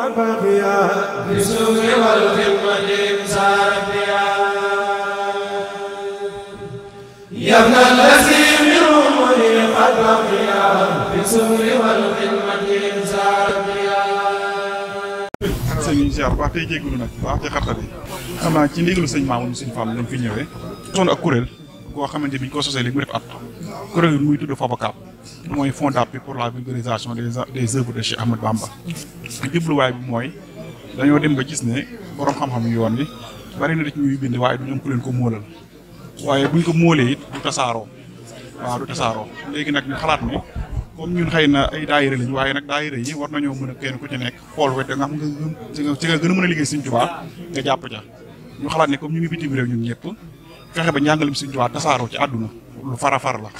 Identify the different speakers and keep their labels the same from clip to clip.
Speaker 1: waaw
Speaker 2: tey jégalu nag bu baax ci xarta bi xam naa ci ndigalu sëñ Maamun sëñ Fall lañ fi ñëwee. sonn ak kuréel goo xamante bi ñu ko sosee léegi mu def at kuréel yi muy tudd Fapakaab mooy fonds d'appui pour la vulgarisation des des œuvres de Cheikh Ahmed Bamba. jubluwaay bi mooy dañoo dem ba gis ne borom xam-xam yoon bi bari na ci ñuy bind waaye du ñoom ku leen ko móolal waaye buñ ko móolee du tasaaroo waaw du tasaaroo léegi nag ñu xalaat ne comme ñun xëy na ay daayira lañu waaye nag daayira yi war nañoo mën a kenn ku ci nekk xool wet nga xam nga ci nga gën a mën a liggéey Sëñ Tuubaa nga jàpp ca ñu xalaat ne comme ñu ngi bitim réew ñun ñëpp fexe ba njàngalem Sëñ Tuubaa tasaaroo ci àdduna lu fara la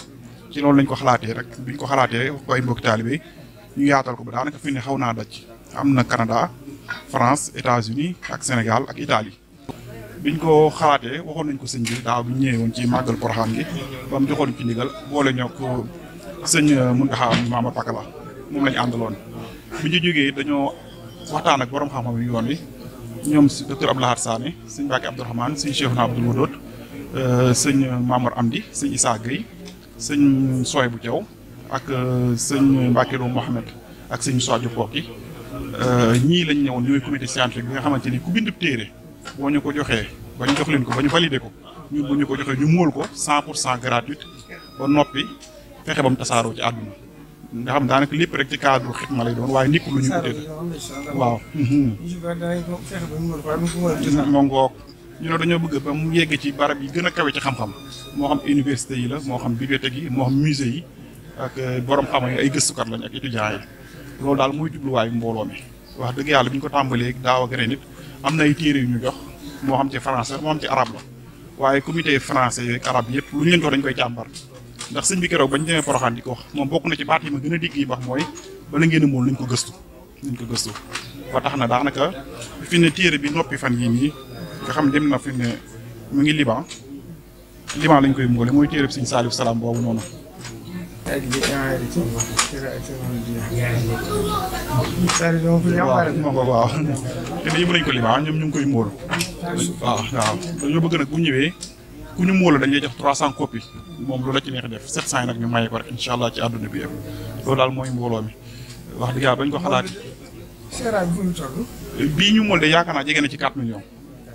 Speaker 2: ci loolu lañ ko xalaatee rek biñ ko xalaatee wax ko ay mbokk taalibe ñu yaatal ko ba daanaka fi ne xaw naa daj am na kanada France États-Unis ak Sénégal ak Italie biñ ko xalaatee waxoon nañ ko sëñ bi daaw bi ñëwee woon ci màggal Porokhane gi ba mu joxoon ci ndigal boole ñoo ko sëñ Mountakha Mamadou Pakala moom lañ ñu àndaloon. bi ñu jógee dañoo waxtaan ak borom xam-xam yoon wi ñoom si docteur Abdoul Ahad Sané sëñ Mbacke Abdourahmane sëñ Cheikh na Abdoul Wadoud euh, sëñ Mamour Amdi sëñ Issa Gueye. sëñ Soy bu Jaw ak euh, sëñ Mbacke Lo Mohamed ak sëñ Soy bu Kokki euh, ñii lañ ñëwoon ñooy comité scientifique bi nga xamante ni ku bindub téere boo ñu ko joxee ba ñu jox leen ko ba ñu validé ko ñun bu ñu ko joxee ñu móol ko cent pour cent gratuite ba noppi fexe ba mu tasaaroo ci àdduna nga xam daanaka lépp rek ci cadre ma lay doon waaye nekkul lu ñu utee waaw. ñu la dañoo bëgg ba mu yegg ci barab yi gën a kawe ci xam-xam moo xam université yi la moo xam bibliothèque yi moo xam musée yi ak euh, borom xam yi ay gëstukat lañ ak étudiant yi loolu daal mooy jubluwaayu mbooloo mi wax dëgg yàlla bi ñu ko tàmbalee daaw ak ren it am na ay téere yu ñu jox moo xam ci français moo xam ci arab la waaye comité français yeeg arab yëpp lu ñu leen jox dañ koy càmbar ndax sëñ bi keroog bañ demee poroxaan di ko wax moom bokk na ci baat yi ma gën a digg yi wax mooy bala ngeen a mool nañ ko gëstu nañ ko gëstu ba tax na daanaka fi ne téere bi noppi fan yii nii nga xam dem na fi ne mu ngi Liban Liban lañ koy mboole mooy téereb Sëñ Saaliw Salaam boobu noonu. waaw moo ko waaw te ne yóbbu nañ ko Liban ñoom ñu ngi koy mbool waaw waaw dañoo bëgg nag bu ñëwee ku ñu mboolu dañ lay jox 300 copies moom loolu la ci neex def 700 yi nag ñu maye ko rek incha allah ci àdduna bi yëpp loolu daal mooy mbooloo mi wax dëgg yàlla bañ ko xalaati. bii ñu mbool de yaakaar naa jege na ci 4 millions.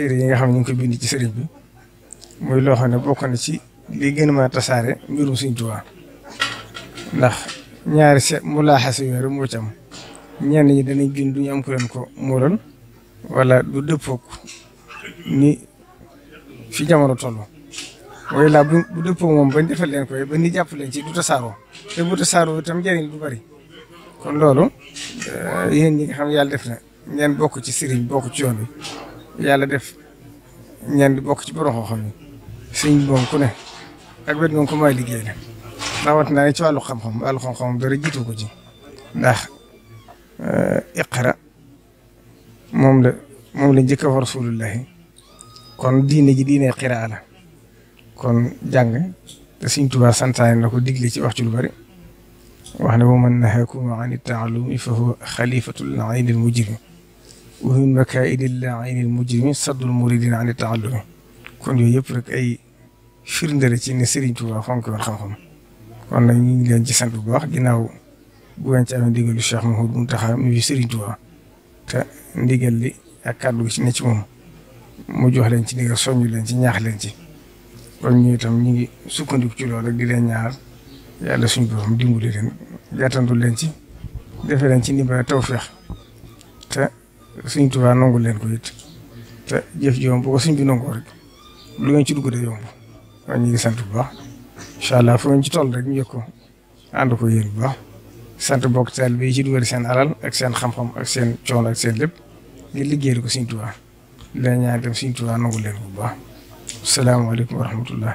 Speaker 1: téere yi nga xam ne ñu ngi ko bind ci sëriñ bi muy loo xam ne bokk na ci li gën a mën tasaare mbirum Sëriñ Tuubaa ndax ñaari se mu laaxase yooyu rek moo ci ñenn ñi danañ bind du ñu am leen ko muural wala du dëppook ni fi jamono toll. waaye laa bu bu dëppoo moom bañ defal leen koy ba ni jàpp leen ci du tasaaroo te bu tasaaroo itam njëriñ du bari kon loolu eh, yéen ñi nga xam yàlla def na ngeen bokk ci sëriñ bokk ci yoon bi. yàlla def ñenn bokk ci borom xam-xam yi suñ boom ku ne ak wet moom ko may ci wàllu xam-xam wàllu xam-xam dara jiitu ko ci ndax eh, iqra moom la moom la njëkk a fa rasulullahi kon diine ji diine qiraa la kon jàng te Sëriñ Tuubaa santaane na ko digle ci wax lu bari wax ne wa man nahaakum an it-ta'allumi fa huwa xalifatul ayni al-mujrim wa mujj makaa'idi llaa'ini l-mujrimi saddul muridiina ani taallumi kon yooyu yëpp rek ay firnde la ci ne Serigne Touba fonk woon xam kon nag ñu ngi leen ci sant bu baax ginnaaw bu ngeen ci amee ndigalu Cheikh Mouhamadou Mountakha mu ngi Serigne Touba te ndigal li ak kàddu gi ci ne ci mu jox leen ci ndigal soññu leen ci ñaax leen ci kon ñu itam ñu ngi sukkandiku ci loolu rek di leen ñaar yàlla suñu borom dimbali leen jàttandu leen ci defe leen ci ndimbal tawfeex Sëriñ Tuubaa nangu leen ko it te jëf ji moom ko sëriñ bi nangoo rek lu ngeen ci dugg de yomb waaye ñu ngi sant bu baax incha allah fu ngeen ci toll rek ñu yëg ko ànd ko yéen bu baax sant bokk taal bi ci dugal seen alal ak seen xam-xam ak seen coono ak seen lépp liggéey liggéeyal ko sëriñ Tuubaa la ñaan dem sëriñ Tuubaa nangu leen ko baax salaamaaleykum wa rahmatullah